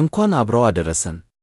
እንኳን አብረው አደረሰን።